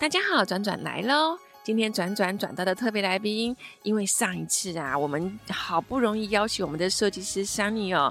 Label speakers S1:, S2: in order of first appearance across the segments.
S1: 大家好，轉轉來嘍，今天轉轉轉到的特別來賓，因為上一次啊，我們好不容易邀請我們的設計師 Sunny 哦、喔，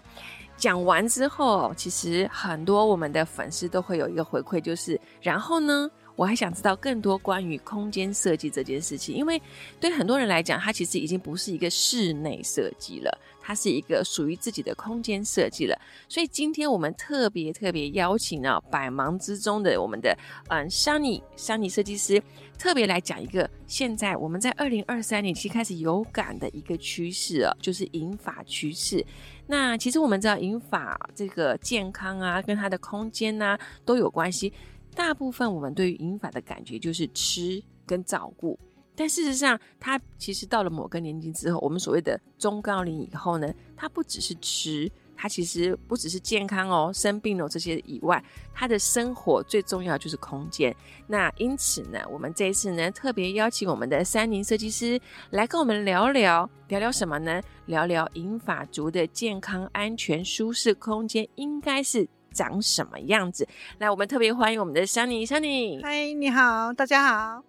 S1: 講完之後，其實很多我們的粉絲都會有一個回饋，就是然後呢。我還想知道更多關於空間設計這件事情，因為對很多人來講，它其實已經不是一個室內設計了，它是一個屬於自己的空間設計了。所以今天我們特別特別邀請了、啊、百忙之中的我們的嗯珊妮珊妮設計師，特別來講一個現在我們在二零二三年其實開始有感的一個趨勢啊，就是銀髮趨勢。那其實我們知道銀髮這個健康啊，跟它的空間吶、啊、都有關係。大部分我們對於銀髮的感覺就是吃跟照顧，但事實上，它其實到了某個年紀之後，我們所謂的中高齡以後呢，它不只是吃，它其實不只是健康哦，生病哦這些以外，它的生活最重要就是空間。那因此呢，我們這一次呢，特別邀請我們的珊妮設計師來跟我們聊聊，聊聊什麼呢？聊聊銀髮族的健康、安全、舒適空間，應該是。長什麼樣子？來，我們特別歡迎我們的珊妮，珊妮，
S2: 嗨，你好，大家好。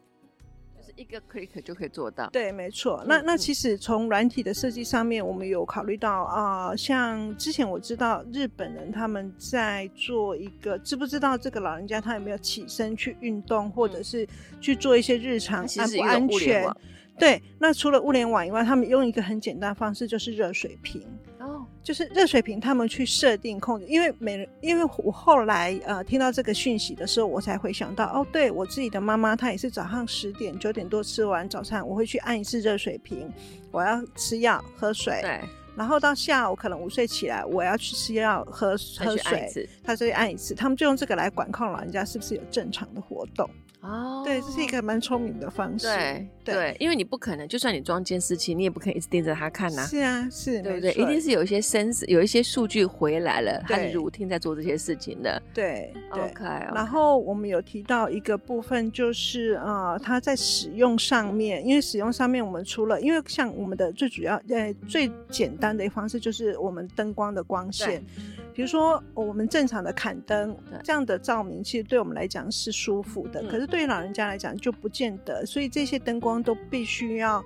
S1: 就是一個 click 就可以做到。對，
S2: 沒錯。嗯、那那其實從軟體的設計上面，嗯、我們有考慮到啊、呃，像之前我知道日本人他們在做一個，知不知道這個老人家他有沒有起身去運動，嗯、或者是去做一些日常安全？對。那除了物聯網以外，他們用一個很簡單的方式，就是熱水瓶。就是熱水瓶，他們去設定控制，因為每人，因為我後來呃聽到這個訊息的時候，我才回想到，哦、喔，對我自己的媽媽，她也是早上十點九點多吃完早餐，我會去按一次熱水瓶，我要吃藥喝水，對然後到下午可能午睡起來，我要去吃藥喝喝水，他就會按一次，他們就用這個來管控，老人家是不是有正常的活動。哦，oh, 對，這是一個蠻聰明的方式。
S1: 對，對，對，因為你不可能，就算你裝監視器，你也不可以一直盯着它看吶、啊。是
S2: 啊，是，對不對？錯一定是有
S1: 一些聲，有一些數據回來了，它對是如聽在做這些事情的。對，對。Okay, okay
S2: 然後我們有提到一個部分，就是啊、呃，它在使用上面，因為使用上面，我們除了，因為像我們的最主要，呃，最簡單的一方式就是我們燈光的光線。比如說，我們正常的嵌燈，這樣的照明，其實對我們來講是舒服的，嗯、可是對於老人家來講就不見得，所以這些燈光都必須要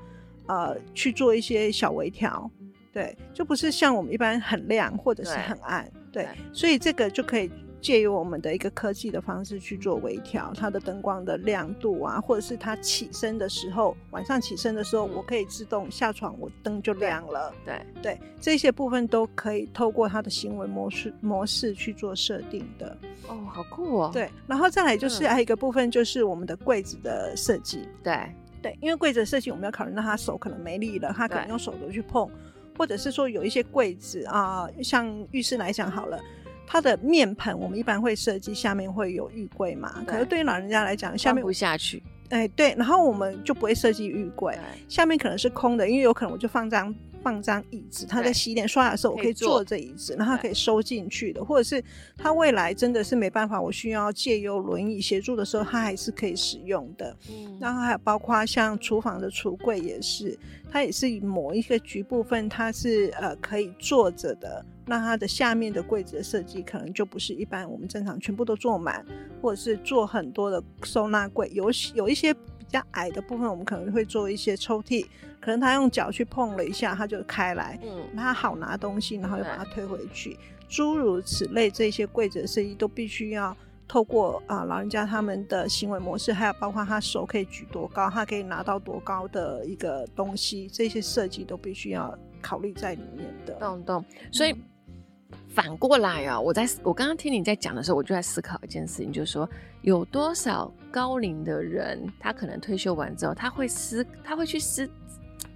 S2: 呃去做一些小微調，嗯、對，就不是像我們一般很亮或者是很暗，對，對所以這個就可以。借由我們的一個科技的方式去做微調，它的燈光的亮度啊，或者是它起身的時候，晚上起身的時候，嗯、我可以自動下床，我燈就亮了。對對，對，這些部分都可以透過它的行為模式模式去做設定的。哦，
S1: 好
S2: 酷哦。對，然後再來就是還有一個部分，就是我們的櫃子的設計。嗯。對對，因為櫃子的設計我們要考慮到他手可能沒力了，他可能用手肘去碰，對或者是說有一些櫃子啊、呃，像浴室來講好了。它的面盆，我們一般會設計下面會有浴櫃嘛？對可是對於老人家來講，下面不下去。哎，對，然後我們就不會設計浴櫃，對下面可能是空的，因為有可能我就放張放張椅子，他在洗臉刷牙的時候，對我可以坐着椅子，然後他可以收進去的。對或者是他未來真的是沒辦法，我需要借由輪椅協助的時候，他還是可以使用的。嗯，然後還有包括像廚房的櫥櫃也是，它也是某一個局部分它是呃可以坐着的。那它的下面的櫃子的設計可能就不是一般我們正常全部都做滿，或者是做很多的收納櫃，有有一些。比較矮的部分，我們可能會做一些抽屜，可能他用腳去碰了一下，他就開來，嗯、他好拿東西，然後又把它推回去，諸對如此類，這些櫃子的設計都必須要透過啊、呃，老人家他們的行為模式，還有包括他手可以舉多高，他可以拿到多高的一個東西，這
S1: 些設計都必須要考慮在裡面的。動動嗯、所以。反過來啊，我在我剛剛聽你在講的時候，我就在思考一件事情，就是說有多少高齡的人，他可能退休完之後，他會思，他會去思，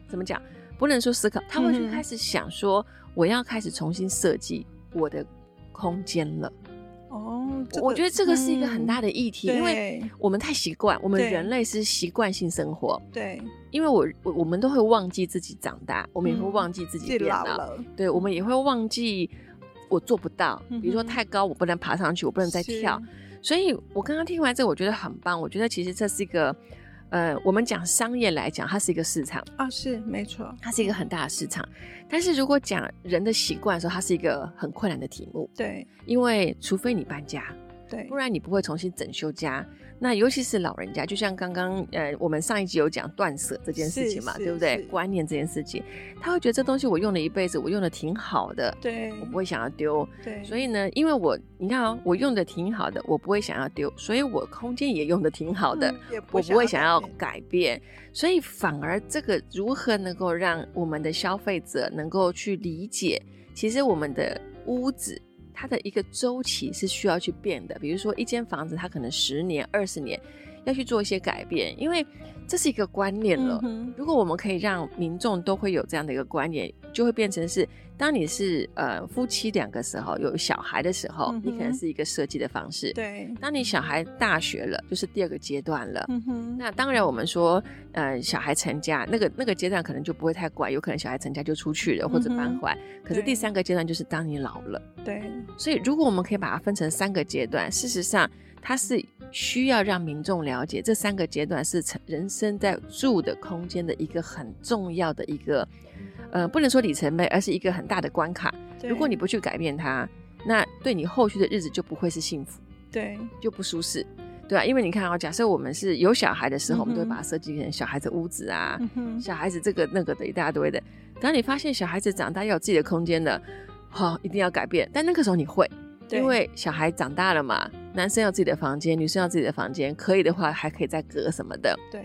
S1: 怎麼講？不能說思考，他會去開始想說，我要開始重新設計我的空間了。哦，
S2: 這個嗯、我覺得這個是一個很大的議題，對因為
S1: 我們太習慣，我們人類是習慣性生活。對，因為我我我們都會忘記自己長大，我們也會忘記自己變、嗯、老了。對，我們也會忘記。我做不到，比如說太高，我不能爬上去，嗯、哼我不能再跳。是所以，我剛剛聽完這，我覺得很棒。我覺得其實這是一個，呃，我們講商業來講，它是一個市場啊、哦，是沒錯，它是一個很大的市場。但是如果講人的習慣的時候，它是一個很困難的題目，對，因為除非你搬家。對，不然你不會重新整修家。那尤其是老人家，就像剛剛呃，我們上一集有講斷捨這件事情嘛，對不對？是觀念這件事情，他會覺得這東西我用了一輩子，我用的挺好的。對，我不會想要丟。對，所以呢，因為我你看哦，我用的挺好的，我不會想要丟，所以我空間也用的挺好的，嗯、
S2: 不，我不會想
S1: 要改變。所以反而這個如何能夠讓我們的消費者能夠去理解，其實我們的屋子。它的一個周期是需要去變的，比如說一間房子，它可能十年、二十年，再去做一些改變，因為這是一個觀念了。嗯、哼如果我們可以讓民眾都會有這樣的一個觀念，就會變成是：當你是呃夫妻兩個時候，有小孩的時候，嗯、哼你可能是一個設計的方式。對，當你小孩大學了，就是第二個階段了。嗯、哼那當然，我們說呃小孩成家，那個那個階段可能就不會太怪，有可能小孩成家就出去了，嗯、哼或者搬回來。可是第三個階段就是當你老了。對，所以如果我們可以把它分成三個階段，事實上。它是需要讓民眾了解這三個階段是人生在住的空間的一個很重要的一個，呃，不能說里程碑，而是一個很大的關卡。對如果你不去改變它，那對你後續的日子就不會是幸福，對，就不舒適，對啊。因為你看啊，哦，假設我們是有小孩的時候，嗯、哼我們都會把它設計成小孩子屋子啊，嗯、哼小孩子這個那個的一大堆的。當你發現小孩子長大要有自己的空間了，好，哦，一定要改變。但那個時候你會，因為小孩長大了嘛。男生要自己的房間，女生要自己的房間，可以的話還可以再隔什麼的。
S2: 對，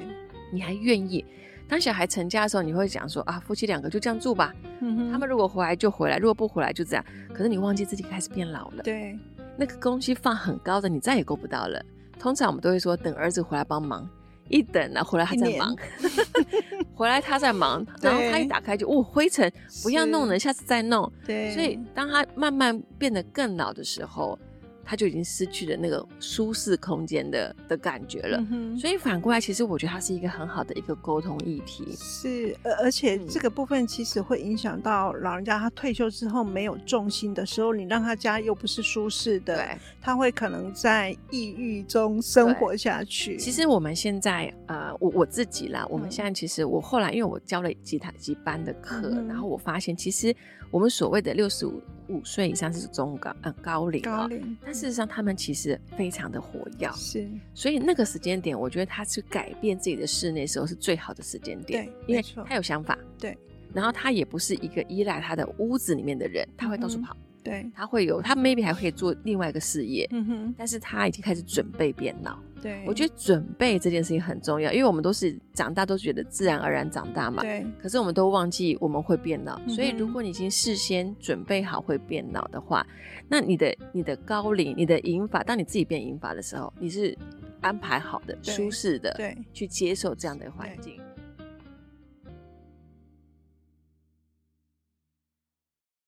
S1: 你還願意。當小孩成家的時候，你會講說啊，夫妻兩個就這樣住吧。嗯、哼他們如果回來就回來，如果不回來就這樣。可是你忘記自己開始變老了。對，那個東西放很高的，你再也夠不到了。通常我們都會說等兒子回來幫忙，一等呢回來他在忙，年 回來他在忙，對然後他一打開就哦灰塵，不要弄了，下次再弄。對，所以當他慢慢變得更老的時候。他就已經失去了那個舒適空間的的感覺了，嗯、哼所以反過來，其實我覺得它是一個很好的一個溝通議題。是，而且
S2: 這個部分其實會影響到老人家，他退休之後沒有重心的時候，你讓他
S1: 家又不是舒適的，對他會可能在抑鬱中生活下去。其實我們現在，呃，我我自己啦，嗯、我們現在其實我後來因為我教了幾堂幾班的課，嗯、哼然後我發現其實。我們所謂的六十五五歲以上是中高嗯，高齡、啊、高齡，但事實上他們其實非常的活躍，是，所以那個時間點，我覺得他去改變自己的室內時候是最好的時間點，對，因為他有想法，對，然後他也不是一個依賴他的屋子裡面的人，他會到處跑。嗯對，他會有，他 maybe 還可以做另外一個事業，嗯哼，但是他已經開始準備變老。對，我覺得準備這件事情很重要，因為我們都是長大都覺得自然而然長大嘛，對，可是我們都忘記我們會變老，嗯、哼所以如果你已經事先準備好會變老的話，嗯、哼那你的你的高齡、你的銀髮，當你自己變銀髮的時候，你是安排好的、對舒適的，對，去接受這樣的環境。